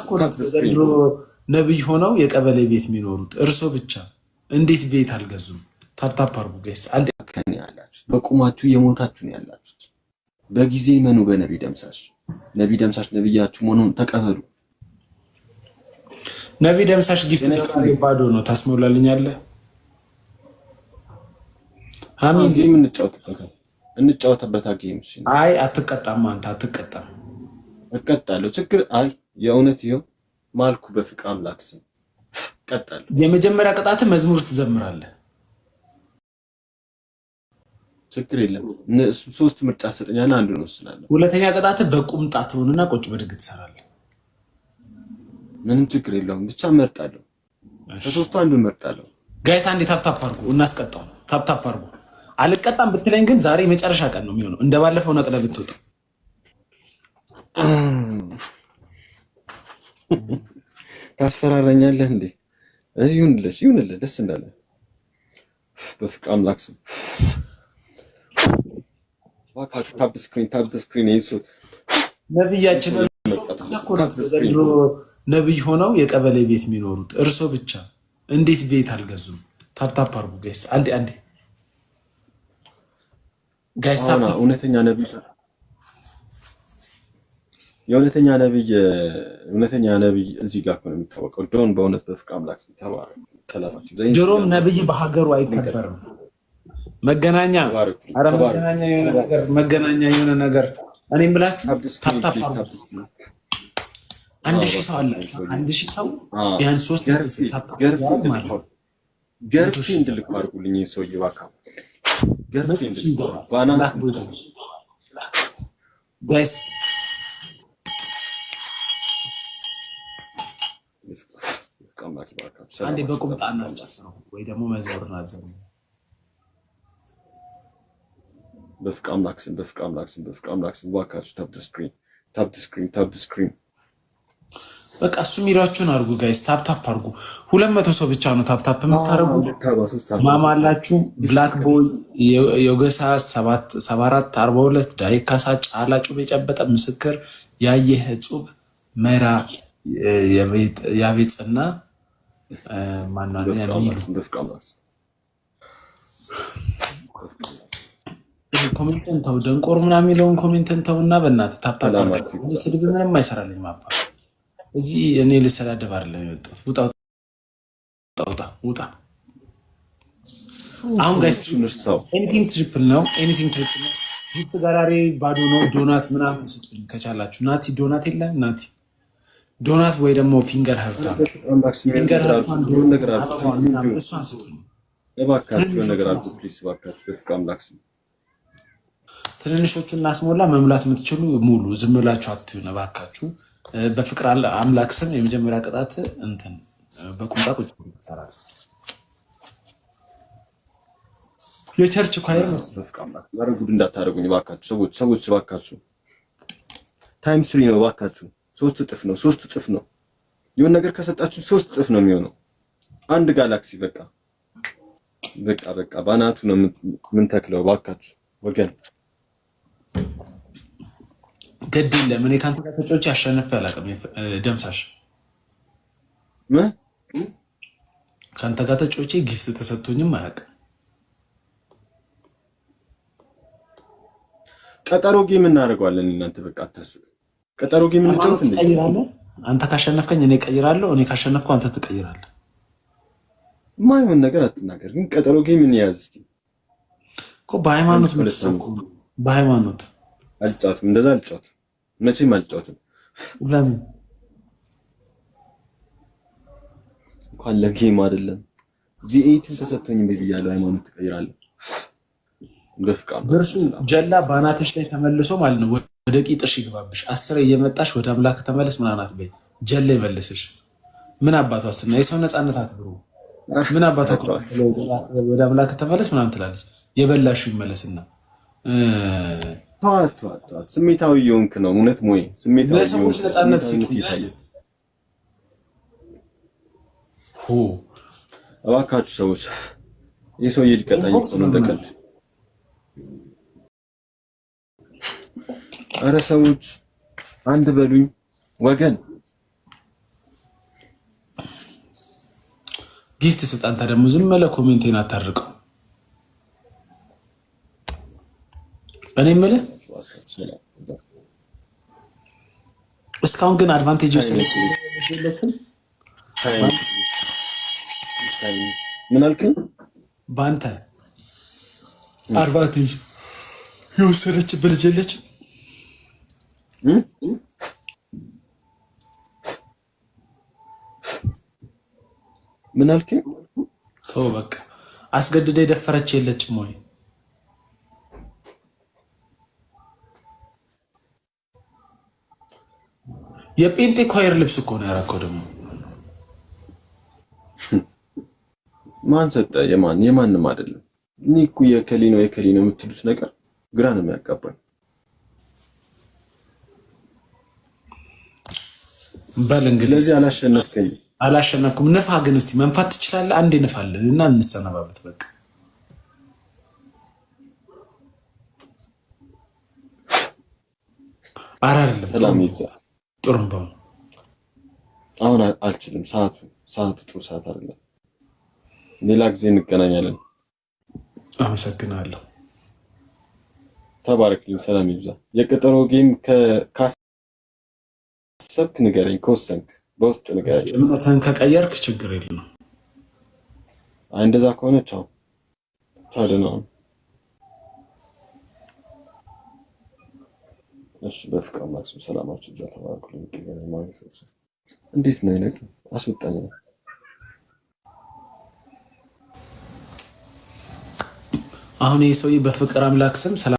እኮ ዘንድሮ ነብይ ሆነው የቀበሌ ቤት የሚኖሩት እርሶ ብቻ እንዴት ቤት አልገዙም? ታፕታፕ አርጉ ጋይስ። አንድ ያላችሁ በቁማችሁ የሞታችሁ ነው ያላችሁት። በጊዜ መኑ በነቢ ደምሳሽ ነቢ ደምሳሽ ነብያችሁ መሆኑን ተቀበሉ። ነቢ ደምሳሽ ጊፍት ባዶ ነው ታስሞላልኛለህ። አሚን ጌም እንጫወትበታል እንጫወትበታል ጌም። አይ አትቀጣም፣ አንተ አትቀጣም። እቀጣለሁ ችግር አይ የእውነት ይኸው ማልኩ በፍቅር አምላክ ስም ቀጣል። የመጀመሪያ ቅጣት መዝሙር ትዘምራለህ። ችግር የለም። ሶስት ምርጫ ሰጠኛል፣ አንዱ ነው ስላለ። ሁለተኛ ቅጣት በቁምጣ ትሆንና ቆጭ በድግ ትሰራለህ። ምንም ችግር የለውም። ብቻ መርጣለሁ፣ ከሶስቱ አንዱን መርጣለሁ። ጋይስ አንዴ ታፕታፕ አድርጎ እናስቀጣው። ታፕታፕ አርጉ። አልቀጣም ብትለኝ ግን ዛሬ የመጨረሻ ቀን ነው የሚሆነው። እንደባለፈው ነቅለህ ብትወጣ ታስፈራራኛለህ እንዴ? ይሁንልሽ፣ ይሁንልህ፣ ደስ እንዳለ በፍቅር አምላክ ስም እባካችሁ ታፕ ስክሪን ታፕ ስክሪን ይሱ ነብያችን ነብይ ሆነው የቀበሌ ቤት የሚኖሩት እርሶ ብቻ እንዴት ቤት አልገዙም? ታፕታፕ አርጉ ጋይስ፣ አንዴ አንዴ ጋይስ፣ ታፕ እውነተኛ ነብይ የእውነተኛ ነብይ እውነተኛ ነብይ እዚህ ጋር ነው የሚታወቀው። ጆን በእውነት በፍቅር አምላክ ተባረ ሰላማችሁ። ነብይ በሀገሩ አይከበርም። መገናኛ መገናኛ የሆነ ነገር እኔ ምላችሁ አንድ ሺህ ሰው አለ። አንድ ሺህ ሰው ቢያንስ ሶስት ገርፌ እንድልኩ አድርጉልኝ። ሰው እባክህ ገርፊ እንድልኩ ባና አንዴ በቁምጣ እናስጨፍረው ወይ ደግሞ መዝሙር ናዘሩ በፍቅር አምላክ ስም በፍቅር አምላክ ስም በፍቅር አምላክ ስም እባካችሁ ታፕ ስክሪን ታፕ ስክሪን ታፕ ስክሪን። በቃ እሱ ሚራችሁን አድርጉ ጋይስ፣ ታፕ ታፕ አድርጉ። ሁለት መቶ ሰው ብቻ ነው ታፕ ታፕ የምታደርጉ። ማማላችሁ ብላክ ቦይ፣ የወገሳ ሰባ አራት አርባ ሁለት ዳይካሳ፣ ጫላ ጩብ፣ የጨበጠ ምስክር፣ ያየህ እጹብ፣ መራ፣ ያቤጽና ኮሜንትን ተው፣ ደንቆር ምናምን የሚለውን ኮሜንትን ተው እና በእናትህ ታብታብ ስድብ ምንም አይሰራልኝ። ማባ እዚህ እኔ ልሰዳደብ አይደለም የመጣሁት። ውጣ ውጣ ውጣ። አሁን ጋይስ ኤኒቲንግ ትሪፕል ነው፣ ኤኒቲንግ ትሪፕል ነው። ጋራሬ ባዶ ነው። ዶናት ምናምን ስጡኝ ከቻላችሁ። ናቲ ዶናት የለ ናቲ ዶናት ወይ ደግሞ ፊንገር ሀብታም ትንንሾቹ እናስሞላ መሙላት የምትችሉ ሙሉ ዝም ብላችሁ አትዩ። እባካችሁ በፍቅር አምላክ ስም የመጀመሪያ ቅጣት እንትን በቁምጣ ቁጭ ይሰራል። የቸርች ኳየር መስሎት ጉድ እንዳታደርጉኝ እባካችሁ ሰዎች፣ ሰዎች እባካችሁ ታይም ስሪ ነው እባካችሁ ሶስት እጥፍ ነው፣ ሶስት እጥፍ ነው። የሆነ ነገር ከሰጣችሁ ሶስት እጥፍ ነው የሚሆነው። አንድ ጋላክሲ በቃ በቃ በቃ ባናቱ ነው ምን ተክለው ባካችሁ ወገን ግድ የለም። እኔ ከአንተ ጋር ተጫውቼ አሸንፌ አላውቅም። ደምሳሽ ከአንተ ጋር ተጫውቼ ጊፍት ተሰጥቶኝም አያውቅም። ቀጠሮ ጌም እናደርገዋለን እናንተ በቃ አታስብ ቀጠሮ ጌም አንተ ካሸነፍከኝ እኔ ቀይራለሁ፣ እኔ ካሸነፍኩ አንተ ትቀይራለህ። ማይሆን ነገር አትናገር፣ ግን ቀጠሮ ጌም እንያዝ እስኪ። በሃይማኖት በሃይማኖት አልጫወትም፣ እንደዛ አልጫወትም፣ መቼም አልጫወትም። ለምን እንኳን ለጌም አይደለም ቪኤትን ተሰጥቶኝ ቤት እያለሁ ሃይማኖት ትቀይራለህ። በፍቃ እርሱ ጀላ በአናትሽ ላይ ተመልሶ ማለት ነው ወደ ቂጥሽ ይግባብሽ። አስረ እየመጣሽ ወደ አምላክ ተመለስ ምናናት በይ ጀለ ይመልስሽ። ምን አባቷ ስና የሰው ነፃነት አክብሩ። ምን አባቷ ወደ አምላክ ተመለስ ምናምን ትላለች። የበላሹ ይመለስና ስሜታዊ የሆንክ ነው እውነት ሞይ ስሜታዊሰዎች ነፃነት እባካችሁ ሰዎች የሰው የሊቀጣይ ነው እንደቀልድ ኧረ ሰዎች አንድ በሉኝ ወገን። ጊስት ስጣንታ ደግሞ ዝም መለ ኮሜንቴን አታርቀው። እኔ የምልህ እስካሁን ግን አድቫንቴጅ ውስጥ ምን አልከኝ? በአንተ አድቫንቴጅ የወሰደችብህ ልጅ የለችም። Hmm? ምን አልከኝ? ተው በቃ አስገድዳ የደፈረች የለችም ወይ? የጴንጤ ኳየር ልብስ እኮ ነው ያደረገው። ደግሞ ማን ሰጠ? የማን የማንም አይደለም። እኔ እኮ የከሊ ነው የከሌ ነው የምትሉት ነገር ግራ ነው የሚያጋባኝ። በል እንግዲህ ስለዚህ አላሸነፍከኝ አላሸነፍኩም። ንፋ ግን እስቲ መንፋት ትችላለህ? አንዴ ንፋለን እና እንሰነባበት በቃ አረ አይደለም። ሰላም አሁን አልችልም። ሰዓቱ ሰዓቱ ጥሩ ሰዓት አይደለም። ሌላ ጊዜ እንገናኛለን። አመሰግናለሁ። ተባረክልኝ። ሰላም ይብዛ። የቀጠሮ ጌም ከ ካሰብክ ንገረኝ፣ ከወሰንክ በውስጥ ንገረኝ። እምነትህን ከቀየርክ ችግር የለም። እንደዛ ከሆነ ቻው ታድነው። እሺ በፍቅር ማክሱም ሰላማችሁ እዛ ተባርኩ። እንዴት ነው ይነቅ አስወጣኝ ነው አሁን ይህ ሰውዬ በፍቅር አምላክ ስም